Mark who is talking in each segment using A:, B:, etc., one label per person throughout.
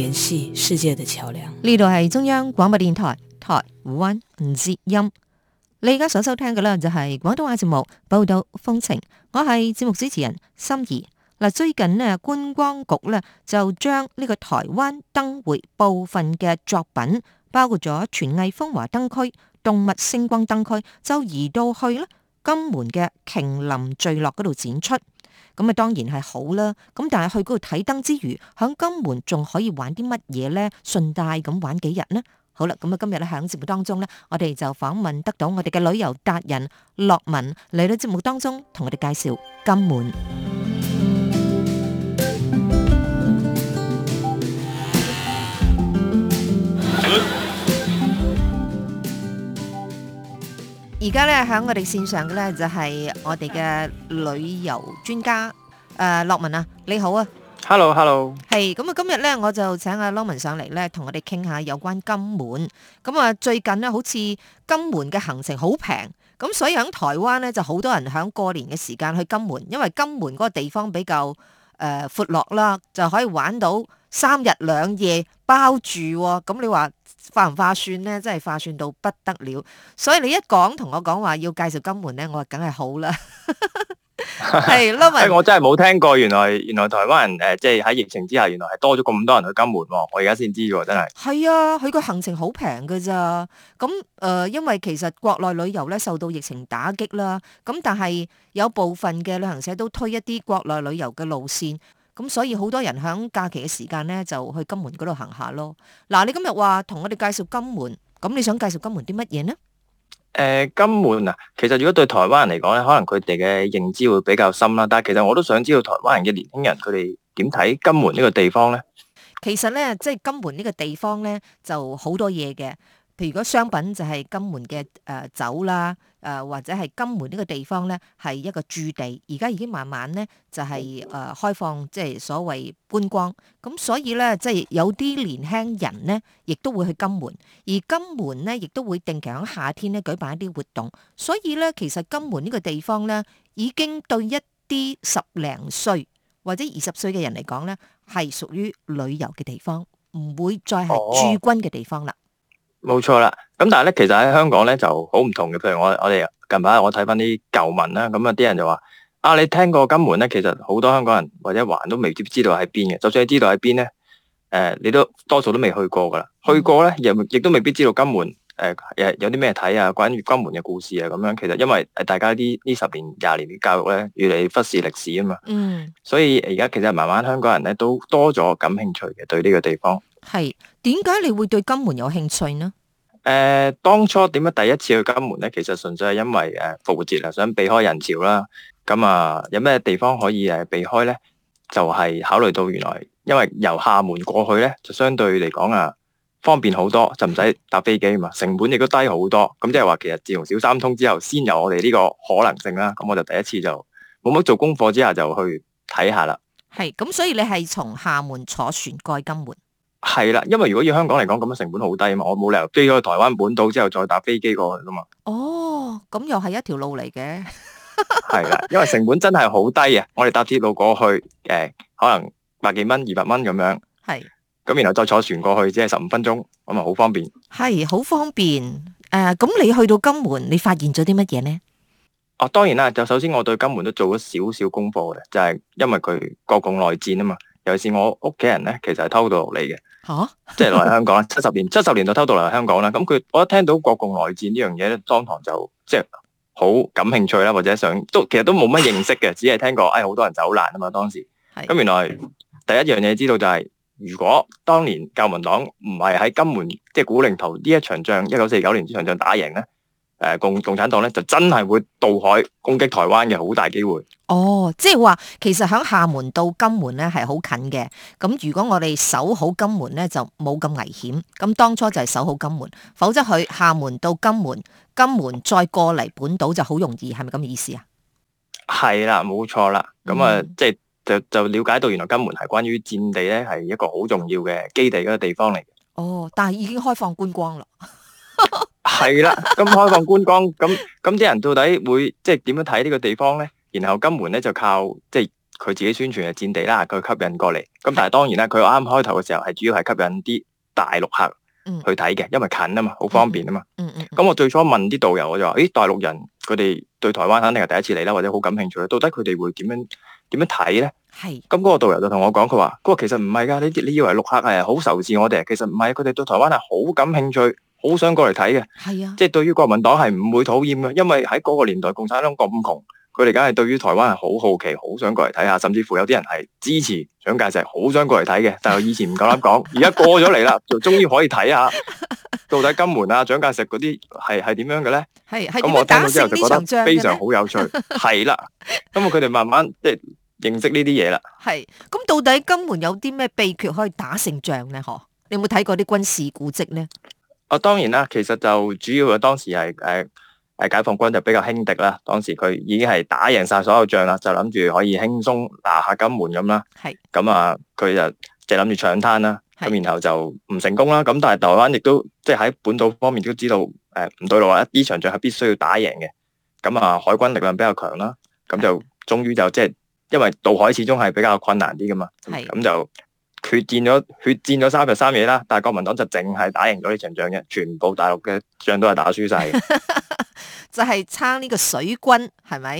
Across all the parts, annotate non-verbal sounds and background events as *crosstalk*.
A: 聯繫世界的橋樑。呢度係中央廣播電台台灣之音。你而家所收聽嘅呢，就係廣東話節目《報道風情》，我係節目主持人心儀。嗱，最近呢觀光局呢，就將呢個台灣燈會部分嘅作品，包括咗傳藝風華燈區、動物星光燈區，就移到去咧金門嘅瓊林聚落嗰度展出。咁啊，當然係好啦。咁但係去嗰度睇燈之餘，響金門仲可以玩啲乜嘢呢？順帶咁玩幾日呢？好啦，咁啊，今日咧響節目當中呢，我哋就訪問得到我哋嘅旅遊達人諾文嚟到節目當中，同我哋介紹金門。而家咧喺我哋線上嘅咧就係、是、我哋嘅旅遊專家誒、呃，諾文啊，你好啊，Hello，Hello，係咁啊，今日咧我就請阿諾文上嚟咧，同我哋傾下有關金門。咁、嗯、啊，最近呢，好似金門嘅行程好平，咁、嗯、所以喺台灣咧就好多人喺過年嘅時間去金門，因為金門嗰個地方比較誒、呃、闊落啦，就可以玩到三日兩夜包住、哦。咁、嗯、你話？化唔化算咧？真係化算到不得了，所以你一講同我講話要介紹金門咧，我梗係好啦。
B: 係，因為我真係冇聽過，原來原來台灣人誒，即係喺疫情之下，原來係多咗咁多人去金門，我而家先知喎，真係。
A: 係啊，佢個行程好平噶咋？咁誒、呃，因為其實國內旅遊咧受到疫情打擊啦，咁但係有部分嘅旅行社都推一啲國內旅遊嘅路線。咁所以好多人喺假期嘅時間咧，就去金門嗰度行下咯。嗱、啊，你今日話同我哋介紹金門，咁你想介紹金門啲乜嘢呢？
B: 誒、呃，金門啊，其實如果對台灣人嚟講咧，可能佢哋嘅認知會比較深啦。但係其實我都想知道台灣人嘅年輕人，佢哋點睇金門呢個地方咧。
A: 其實咧，即係金門呢個地方咧，就好多嘢嘅。譬如果商品就係金門嘅誒酒啦，誒或者係金門呢個地方咧係一個駐地，而家已經慢慢咧就係誒開放，即係所謂觀光咁，所以咧即係有啲年輕人咧亦都會去金門，而金門咧亦都會定期喺夏天咧舉辦一啲活動，所以咧其實金門呢個地方咧已經對一啲十零歲或者二十歲嘅人嚟講咧係屬於旅遊嘅地方，唔會再係駐軍嘅地方啦。
B: 冇錯啦，咁但係咧，其實喺香港咧就好唔同嘅。譬如我我哋近排我睇翻啲舊聞啦，咁啊啲人就話啊，你聽過金門咧，其實好多香港人或者還都未必知道喺邊嘅。就算你知道喺邊咧，誒，你都多數都未去過噶啦。去過咧，又亦都未必知道金門誒誒有啲咩睇啊，關於金門嘅故事啊，咁樣。其實因為大家啲呢十年廿年嘅教育咧，越嚟越忽視歷史啊嘛。嗯。所以而家其實慢慢香港人咧都多咗感興趣嘅對呢個地方。
A: 係點解你會對金門有興趣呢？
B: 誒、呃，當初點解第一次去金門咧？其實純粹係因為誒復活節啊，想避開人潮啦。咁啊，有咩地方可以誒避開咧？就係、是、考慮到原來因為由廈門過去咧，就相對嚟講啊，方便好多，就唔使搭飛機嘛，成本亦都低好多。咁即係話，其實自從小三通之後，先有我哋呢個可能性啦。咁我就第一次就冇乜做功課之下就去睇下啦。
A: 係咁，所以你係從廈門坐船過金門。
B: 係啦，因為如果以香港嚟講，咁樣成本好低嘛，我冇理由飛咗去台灣本島之後再搭飛機過去噶嘛。
A: 哦，咁又係一條路嚟嘅。
B: 係 *laughs* 啦，因為成本真係好低啊！我哋搭鐵路過去，誒、呃，可能百幾蚊、二百蚊咁樣。係是。咁然後再坐船過去，只係十五分鐘，咁啊好方便。
A: 係，好方便。誒、呃，咁你去到金門，你發現咗啲乜嘢咧？
B: 哦、啊，當然啦，就首先我對金門都做咗少少功課嘅，就係、是、因為佢國共內戰啊嘛。尤其是我屋企人咧，其實係偷渡嚟嘅，嚇、啊，即 *laughs* 係來香港啦，七十年七十年代偷渡嚟香港啦。咁佢我一聽到國共內戰呢樣嘢，當堂就即係好感興趣啦，或者想都其實都冇乜認識嘅， *laughs* 只係聽過，哎，好多人走難啊嘛當時。咁 *laughs* 原來第一樣嘢知道就係、是，如果當年國民黨唔係喺金門即係、就是、古寧頭呢一場仗，1949一九四九年呢場仗打贏咧。誒，共共產黨咧就真係會渡海攻擊台灣嘅好大機會。
A: 哦，即係話，其實響廈門到金門咧係好近嘅。咁如果我哋守好金門咧，就冇咁危險。咁當初就係守好金門，否則去廈門到金門，金門再過嚟本島就好容易，係咪咁嘅意思啊？
B: 係啦，冇錯啦。咁啊、嗯，即係就就了解到原來金門係關於戰地咧，係一個好重要嘅基地嗰個地方嚟。
A: 哦，但係已經開放觀光啦。 *laughs*
B: 係啦，咁 *laughs* 開放觀光，咁咁啲人到底會即係點樣睇呢個地方咧？然後金門咧就靠即係佢自己宣傳嘅戰地啦，佢吸引過嚟。咁但係當然啦，佢啱開頭嘅時候係主要係吸引啲大陸客去睇嘅，因為近啊嘛，好方便啊嘛。咁、嗯嗯嗯嗯、我最初問啲導遊，我就話：，誒，大陸人佢哋對台灣肯定係第一次嚟啦，或者好感興趣。到底佢哋會點樣點樣睇咧？係。咁嗰個導遊就同我講，佢話：，嗰個其實唔係噶，你你以為陸客係好仇視我哋，其實唔係，佢哋對台灣係好感興趣。的好想過嚟睇嘅，係啊，即係對於國民黨係唔會討厭嘅，因為喺嗰個年代共產黨咁窮，佢哋梗係對於台灣係好好奇，好想過嚟睇下，甚至乎有啲人係支持蔣介石，好想過嚟睇嘅。但係以前唔夠膽講，而家 *laughs* 過咗嚟啦， *laughs* 就終於可以睇下到底金門啊蔣 *laughs* 介石嗰啲係係點樣嘅咧？係，
A: 咁我聽到之後就覺得非常好
B: 有趣，係啦。咁 *laughs* 啊，佢哋慢慢即係認識呢啲嘢啦。
A: 係，咁到底金門有啲咩秘訣可以打成仗咧？嗬？你有冇睇過啲軍事古蹟咧？
B: 啊，當然啦，其實就主要啊，當時係、啊、解放軍就比較輕敵啦。當時佢已經係打贏晒所有仗啦，就諗住可以輕鬆拿下金門咁啦。咁是啊，佢就即係諗住搶灘啦。咁是然後就唔成功啦。咁但係台灣亦都即係喺本土方面都知道誒唔對路啊！呢場仗係必須要打贏嘅。咁啊，海軍力量比較強啦。咁就終於就即係是因為渡海始終係比較困難啲㗎嘛。咁是就。血戰咗血戰咗三日三夜啦，但係國民黨就淨係打贏咗呢場仗嘅，全部大陸嘅仗都係打輸晒
A: 嘅， *laughs* 就係差呢個水軍係咪？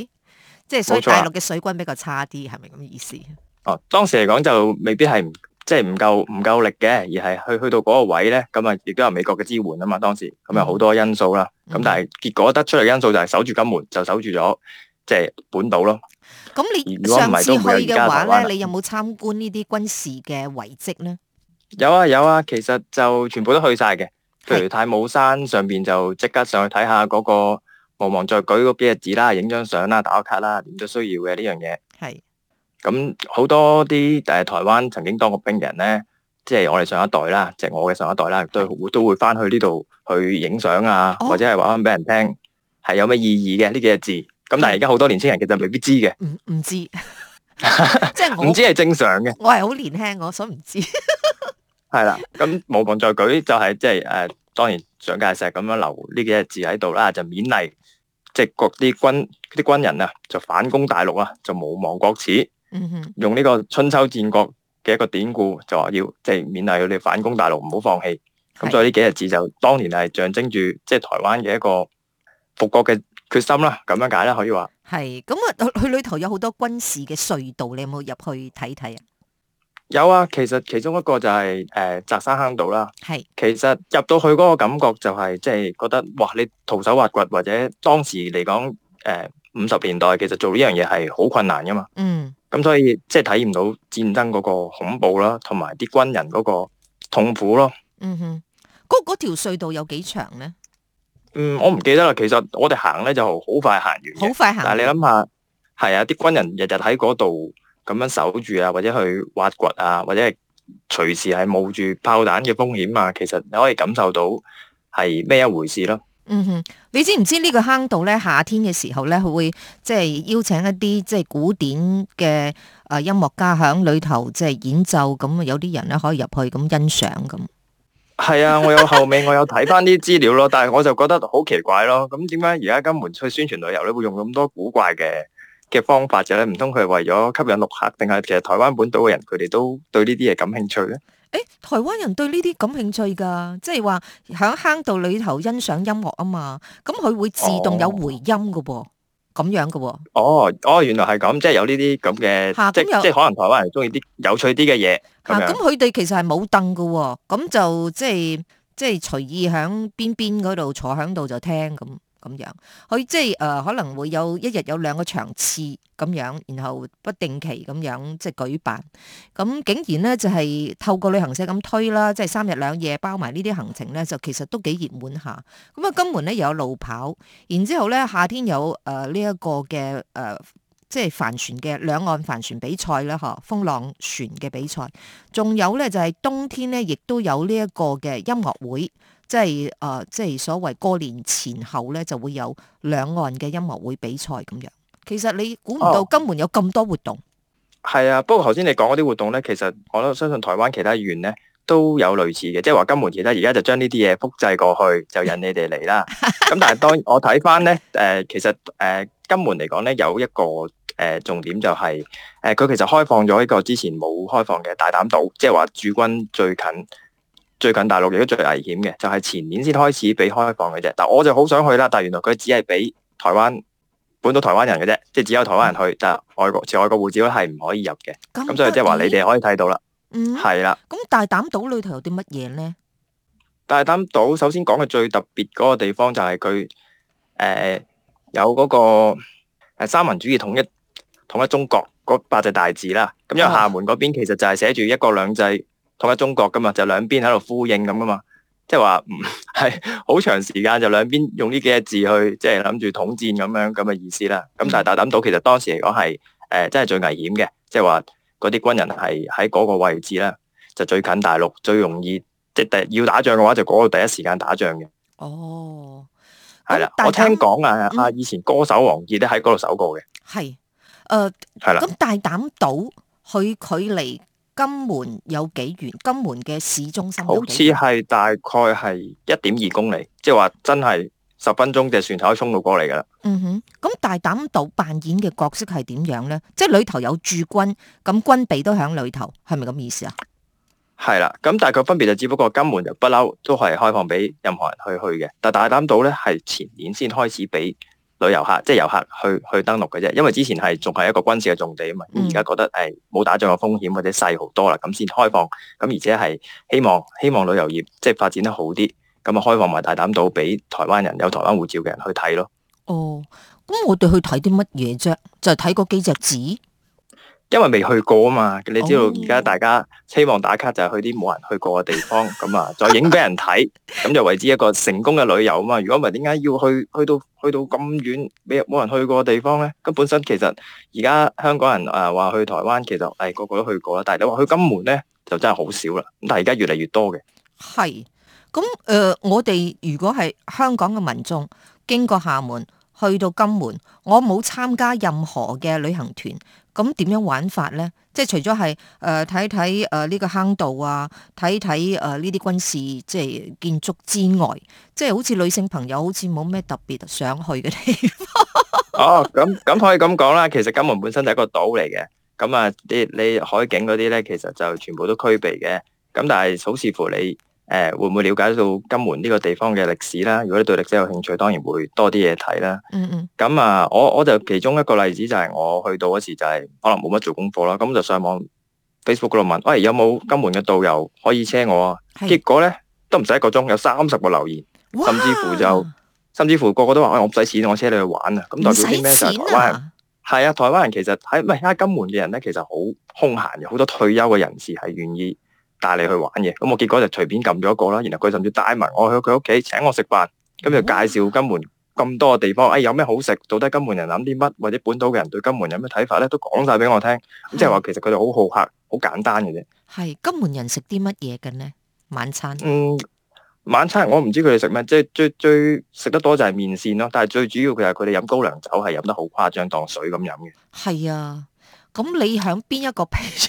A: 即係、就是、所以大陸嘅水軍比較差啲，係咪咁嘅意思？
B: 哦，當時嚟講就未必係即係唔夠唔夠力嘅，而係去去到嗰個位咧，咁啊亦都有美國嘅支援啊嘛，當時咁有好多因素啦，咁、嗯、但係結果得出嚟嘅因素就係守住金門就守住咗即係本島咯。
A: 咁你上次去嘅話咧，你有冇參觀呢啲軍事嘅遺跡咧？
B: 有啊有啊，其實就全部都去晒嘅，譬如太武山上邊就即刻上去睇下嗰個毋忘在莒嗰幾隻字啦，影張相啦，打個卡啦，點都需要嘅呢樣嘢。係，咁好多啲誒台灣曾經當過兵嘅人咧，即係我哋上一代啦，即係我嘅上一代啦，都會都會翻去呢度去影相啊，或者係話講俾人聽係有咩意義嘅呢幾隻字。咁但係而家好多年青人其實未必知嘅、
A: 嗯，唔唔知，即係唔知係
B: 正常嘅。
A: 我係好年輕，我所以唔知。
B: 係 *laughs* 啦，咁毋忘在莒就係即係誒，當年蔣介石咁樣留呢幾隻字喺度啦，就勉勵即係各啲軍啲軍人啊，就反攻大陸啊，就毋忘國恥。嗯、哼用呢個春秋戰國嘅一個典故就，就話要即係勉勵佢哋反攻大陸，唔好放棄。咁、嗯、所以呢幾隻字就的當年係象徵住即係台灣嘅一個復國嘅。決心啦，咁樣解啦，可以話。
A: 係，咁啊，去裏頭有好多軍事嘅隧道，你有冇入去睇睇啊？
B: 有啊，其實其中一個就係，誒，翟山坑道啦。係。其實入到去嗰個感覺就係，即係覺得哇，你徒手挖掘或者當時嚟講，誒，五十年代其實做呢樣嘢係好困難噶嘛。嗯。咁所以即係體驗到戰爭嗰個恐怖啦，同埋啲軍人嗰個痛苦咯。嗯
A: 哼，嗰嗰條隧道有幾長咧？
B: 嗯，我唔記得啦。其實我哋行咧就好快行完，好快行完，但係你諗下，係啊，啲軍人日日喺嗰度咁樣守住啊，或者去挖掘啊，或者隨時係冒住炮彈嘅風險啊，其實你可以感受到係咩一回事咯。
A: 嗯哼，你知唔知呢個坑道咧？夏天嘅時候咧，佢會即係邀請一啲即係古典嘅誒音樂家喺裏頭即係演奏，咁有啲人咧可以入去咁欣賞咁。
B: 係 *laughs* 啊，我有後尾，我有睇翻啲資料咯，但係我就覺得好奇怪咯。咁點解而家金門去宣傳旅遊咧，會用咁多古怪嘅嘅方法就咧？唔通佢係為咗吸引陸客，定係其實台灣本島嘅人，佢哋都對呢啲嘢感興趣
A: 咧？誒、欸，台灣人對呢啲感興趣噶，即係話響坑道裏頭欣賞音樂啊嘛，咁佢會自動有回音噶噃。哦咁樣嘅喎，
B: 哦，哦，哦，原來係咁，即係有呢啲咁嘅，即係即係可能台灣人中意啲有趣啲嘅嘢。吓，咁
A: 佢哋其實係冇凳㗎，咁就即係即係隨意響邊邊嗰度坐響度就聽咁。咁樣，佢即係誒、呃，可能會有一日有兩個場次咁樣，然後不定期咁樣即係舉辦。咁竟然呢，就係、是、透過旅行社咁推啦，即係三日兩夜包埋呢啲行程呢，就其實都幾熱門下。咁啊，金門呢又有路跑，然之後呢夏天有誒呢一個嘅誒、呃、即係帆船嘅兩岸帆船比賽啦，嗬、啊，風浪船嘅比賽，仲有呢，就係、是、冬天呢，亦都有呢一個嘅音樂會。即係、呃、即係所謂過年前後咧，就會有兩岸嘅音樂會比賽咁樣。其實你估唔到金門有咁多活動。
B: 係、哦、啊，不過頭先你講嗰啲活動咧，其實我都相信台灣其他縣咧都有類似嘅，即係話金門而家而家就將呢啲嘢複製過去，就引你哋嚟啦。咁 *laughs* 但係當我睇翻咧其實誒、呃、金門嚟講咧有一個、呃、重點就係、是、佢、呃、其實開放咗一個之前冇開放嘅大膽島，即係話駐軍最近。最近大陸亦都最危險嘅，就係前年先開始俾開放嘅啫。但我就好想去啦，但係原來佢只係俾台灣本土台灣人嘅啫，即係只有台灣人去，但係外國似外國護照係唔可以入嘅。咁所以即係話你哋可以睇到啦，係啦、嗯。
A: 咁大膽島裏頭有啲乜嘢咧？
B: 大膽島首先講嘅最特別嗰個地方就係佢誒有嗰個三民主義統一統一中國嗰八隻大字啦。咁因為廈門嗰邊其實就係寫住一國兩制。統一中國噶嘛，就兩邊喺度呼應咁噶嘛，即係話唔係好長時間就兩邊用呢幾個字去，即係諗住統戰咁樣咁嘅意思啦。咁但係大膽島其實當時嚟講係誒，真係最危險嘅，即係話嗰啲軍人係喺嗰個位置啦，就最近大陸最容易即係第要打仗嘅話就嗰度第一時間打仗嘅。哦，係啦，我聽講啊啊，嗯、以前歌手王傑都喺嗰度守過嘅。
A: 係，誒、呃，係啦的。咁大膽島佢距離。金門有幾遠？金門嘅市中心好似係
B: 大概係一點二公里，即係話真係十分鐘就船頭衝到過嚟噶啦。嗯
A: 哼，咁大膽島扮演嘅角色係點樣呢？即係裏頭有駐軍，咁軍備都響裏頭，係咪咁意思啊？
B: 係啦，咁大概分別就只不過金門就不嬲，都係開放俾任何人去去嘅，但大膽島咧係前年先開始俾。旅遊客即係遊客去去登陸嘅啫，因為之前係仲係一個軍事嘅重地啊嘛，而家覺得誒冇打仗嘅風險或者細好多啦，咁先開放，咁而且係希望希望旅遊業即係發展得好啲，咁啊開放埋大膽到俾台灣人有台灣護照嘅人去睇咯。
A: 哦，咁我哋去睇啲乜嘢啫？就係睇嗰幾隻
B: 字。因為未去過啊嘛，你知道而家大家希望打卡就係去啲冇人去過嘅地方，咁啊再影俾人睇，咁就為之一個成功嘅旅遊啊嘛。如果唔係，點解要去去到去到咁遠，冇人去過嘅地方咧？咁本身其實而家香港人啊話去台灣，其實誒個個都去過啦。但係你話去金門咧，就真係好少啦。咁但係而家越嚟越多嘅。
A: 係，咁誒，我哋如果係香港嘅民眾，經過廈門去到金門，我冇參加任何嘅旅行團。咁點樣玩法呢？即係除咗係誒睇睇誒呢個坑道啊，睇睇誒呢啲軍事即係建築之外，即係好似女性朋友好似冇咩特別想去嘅地
B: 方。哦，咁咁可以咁講啦。其實金門本身係一個島嚟嘅，咁啊啲你海景嗰啲呢，其實就全部都區別嘅。咁但係好視乎你。誒會唔會了解到金門呢個地方嘅歷史啦？如果你對歷史有興趣，當然會多啲嘢睇啦。嗯嗯。咁啊，我我就其中一個例子就係、是、我去到嗰時就係、是、可能冇乜做功課啦，咁就上網 Facebook 度問，喂、哎、有冇金門嘅導遊可以車我啊？是結果咧都唔使一個鐘，有三十個留言，哇甚至乎就甚至乎個個都話：哎，我唔使錢，我車你去玩那麼啊！咁代表啲咩？就係台灣人。係啊，台灣人其實喺唔係喺金門嘅人咧，其實好空閒嘅，好多退休嘅人士係願意。帶你去玩嘅，咁我結果就隨便撳咗一個啦，然後佢甚至帶埋我去佢屋企請我食飯，咁就介紹金門咁多個地方，哎有咩好食，到底金門人諗啲乜，或者本土嘅人對金門人有咩睇法咧，都講晒俾我聽，咁即係話其實佢哋好好客，好簡單嘅啫。
A: 係金門人食啲乜嘢嘅咧？晚餐嗯，
B: 晚餐我唔知佢哋食咩，即係最最食得多就係麵線咯，但係最主要佢係佢哋飲高粱酒係飲得好誇張，當水咁飲
A: 嘅。係啊。咁你喺邊一個 page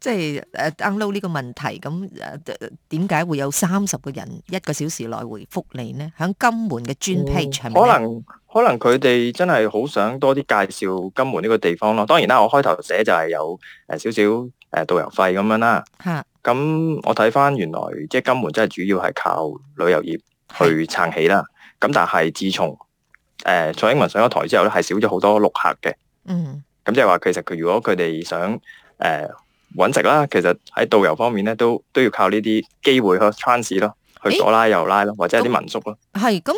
A: 即係誒 download 呢個問題，咁誒，點解會有三十個人一個小時來回覆你呢？喺金門嘅專 page 上面，可能
B: 可能佢哋真係好想多啲介紹金門呢個地方咯。當然啦，我開頭寫就係有誒少少誒導遊費咁樣啦。
A: 吓
B: 咁、啊、我睇翻原來即係金門真係主要係靠旅遊業去撐起啦。咁是但係自從誒、呃、蔡英文上咗台之後咧，係少咗好多陸客嘅。嗯。咁即係話，其實佢如果佢哋想誒搵食啦，其實喺導遊方面咧，都都要靠呢啲機會去 Chance 咯，去左拉右拉咯，欸、或者啲民宿咯。
A: 係咁，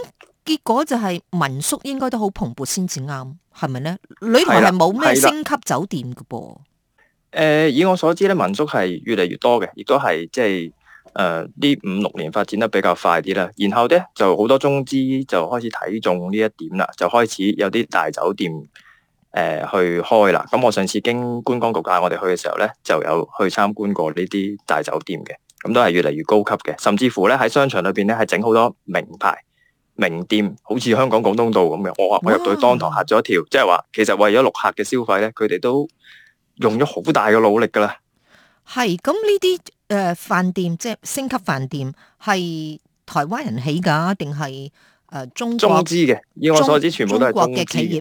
A: 結果就係民宿應該都好蓬勃先至啱，係咪咧？旅遊係冇咩星級酒店噶噃。
B: 誒、呃，以我所知咧，民宿係越嚟越多嘅，亦都係即係誒呢五六年發展得比較快啲啦。然後咧，就好多中資就開始睇中呢一點啦，就開始有啲大酒店。誒去開啦，咁我上次經觀光局嗌我哋去嘅時候咧，就有去參觀過呢啲大酒店嘅，咁都係越嚟越高級嘅，甚至乎咧喺商場裏面咧係整好多名牌名店，好似香港廣東道咁樣。我話我入到去當堂嚇咗一跳，即係話其實為咗陸客嘅消費咧，佢哋都用咗好大嘅努力噶啦。
A: 係，咁呢啲誒飯店即係、就是、升級飯店係台灣人起㗎定係中？中資嘅，以我所知中全部都係中，中國嘅企業。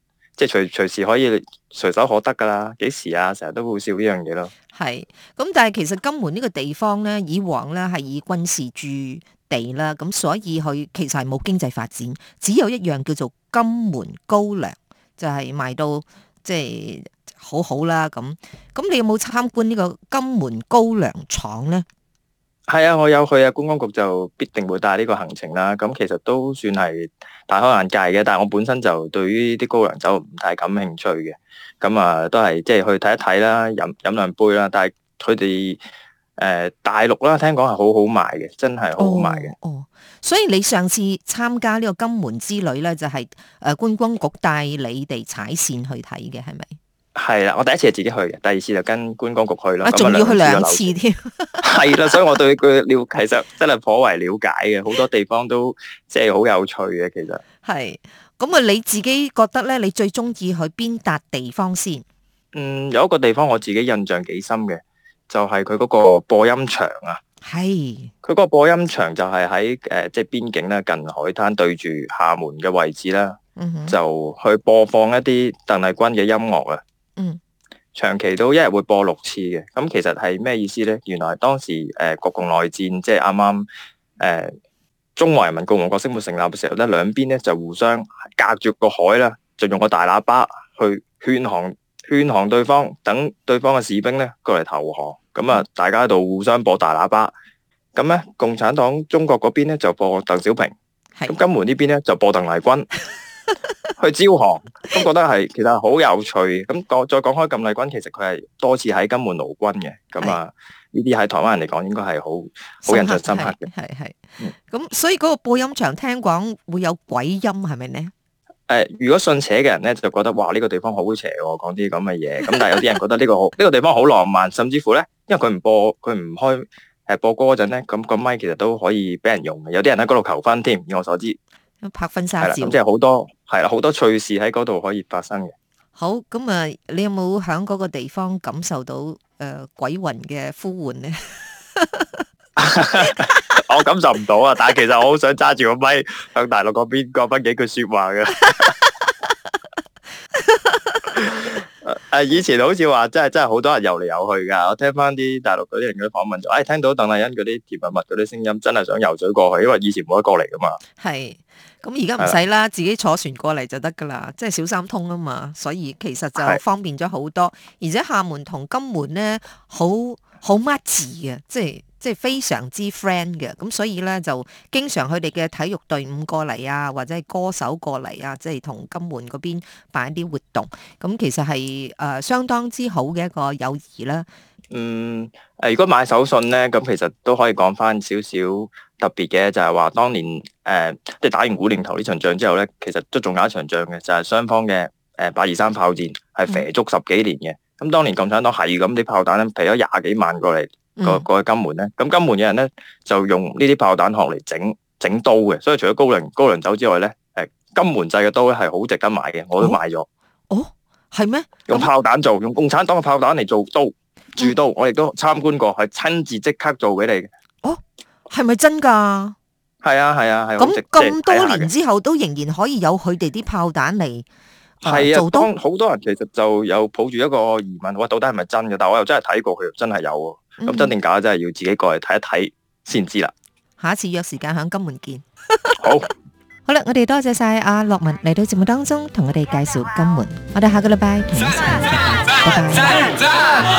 B: 即係隨，隨時可以隨手可得噶啦。幾時啊，成日都會笑呢樣嘢咯。
A: 係，咁但係其實金門呢個地方咧，以往咧係以軍事駐地啦，咁所以佢其實係冇經濟發展，只有一樣叫做金門高粱，就係、是、賣到即係、就是、好好啦。咁，咁你有冇參觀呢個金門高粱廠咧？
B: 係啊，我有去啊，觀光局就必定會帶呢個行程啦。咁其實都算係大開眼界嘅。但係我本身就對於啲高粱酒唔太感興趣嘅。咁啊，都係即係去睇一睇啦，飲飲兩杯啦。但係佢哋誒大陸啦，聽講係好好賣嘅，真係好好賣嘅。
A: 哦，所以你上次參加呢個金門之旅咧，就係誒觀光局帶你哋踩線去睇嘅，係咪？
B: 係啦，我第一次係自己去嘅，第二次就跟觀光局去啦。啊，仲要去兩次添，係啦， *laughs* 所以我對佢了解其實真係頗為了解嘅，好多地方都即係好有趣嘅，其實是。
A: 係，咁啊，你自己覺得咧，你最中意去邊笪地方先？
B: 嗯，有一個地方我自己印象幾深嘅，就係佢嗰個播音場啊。
A: 係。
B: 佢嗰個播音場就係喺誒，即係邊境啦，近海灘對住廈門嘅位置啦。嗯哼。就去播放一啲鄧麗君嘅音樂啊。嗯，長期都一日會播六次嘅，咁其實係咩意思呢？原來當時誒、呃、國共內戰，即係啱啱誒中華人民共和國成立嘅時候咧，兩邊咧就互相隔住個海啦，就用個大喇叭去勸降勸降對方，等對方嘅士兵咧過嚟投降，咁啊大家喺度互相播大喇叭，咁咧共產黨中國嗰邊咧就播鄧小平，咁是金門這邊呢邊咧就播鄧麗君。 *laughs* *laughs* 去招行都覺得係，其實好有趣。咁講再講開，鄧麗君其實佢係多次喺金門勞軍嘅，咁是啊呢啲喺台灣人嚟講，應該係好好印象深刻嘅。係係，
A: 咁、嗯、所以嗰個播音場聽講會有鬼音，係咪呢？
B: 誒、呃，如果信邪嘅人咧，就覺得哇呢、這個地方好邪喎、啊，講啲咁嘅嘢。咁但係有啲人覺得呢個好呢 *laughs* 個地方好浪漫，甚至乎咧，因為佢唔播，佢唔開誒播歌嗰陣咧，咁個麥，麥其實都可以俾人用嘅。有啲人喺嗰度求婚添，以我所知。
A: 拍婚紗照，咁即
B: 係好多係啦，好多趣事喺嗰度可以發生嘅。
A: 好，咁啊，你有冇響嗰個地方感受到誒鬼魂嘅呼喚呢？
B: 我感受唔到啊，但係其實我好想揸住個咪向大陸嗰邊講翻幾句說話嘅。誒，以前好似話真係真係好多人游嚟游去噶，我聽翻啲大陸嗰啲人嘅訪問，就誒聽到鄧麗欣嗰啲甜蜜蜜嗰啲聲音，真係想游水過去，因為以前冇得過嚟噶嘛。
A: 係。咁而家唔使啦，自己坐船過嚟就得噶啦，即係小三通啊嘛，所以其實就方便咗好多。是而且廈門同金門呢，好好乜字嘅，即係即係非常之 friend 嘅。咁所以呢，就經常佢哋嘅體育隊伍過嚟啊，或者係歌手過嚟啊，即係同金門嗰邊辦一啲活動。咁、嗯、其實係誒、呃、相當之好嘅一個友誼啦。
B: 嗯，誒，如果買手信咧，咁其實都可以講翻少少特別嘅，就係話當年誒，即、呃、係打完古寧頭呢場仗之後咧，其實都仲有一場仗嘅，就係、是、雙方嘅誒八二三炮戰係射足十幾年嘅。咁、嗯、當年共產黨係咁啲炮彈咧，俾咗廿幾萬過嚟過去金門咧，咁、嗯、金門嘅人咧就用呢啲炮彈殼嚟整整刀嘅。所以除咗高粱高粱酒之外咧，誒金門製嘅刀係好值得買嘅，我都買咗、哦。哦，係咩？用炮彈做，用共產黨嘅炮彈嚟做刀。住到，我亦都參觀過，係親自即刻做俾你嘅。哦，
A: 係咪真㗎？係啊
B: 係啊係。咁咁多年
A: 之後，都仍然可以有佢哋啲炮彈嚟。
B: 係啊，當好多人其實就有抱住一個疑問，我到底係咪真嘅？但係我又真係睇過，佢真係有。咁真定假，真係要自己過嚟睇一睇先知啦。
A: 下一次約時間喺金門見。好，好啦，我哋多謝晒阿諾文嚟到節目當中同我哋介紹金門。我哋下個禮拜，拜拜。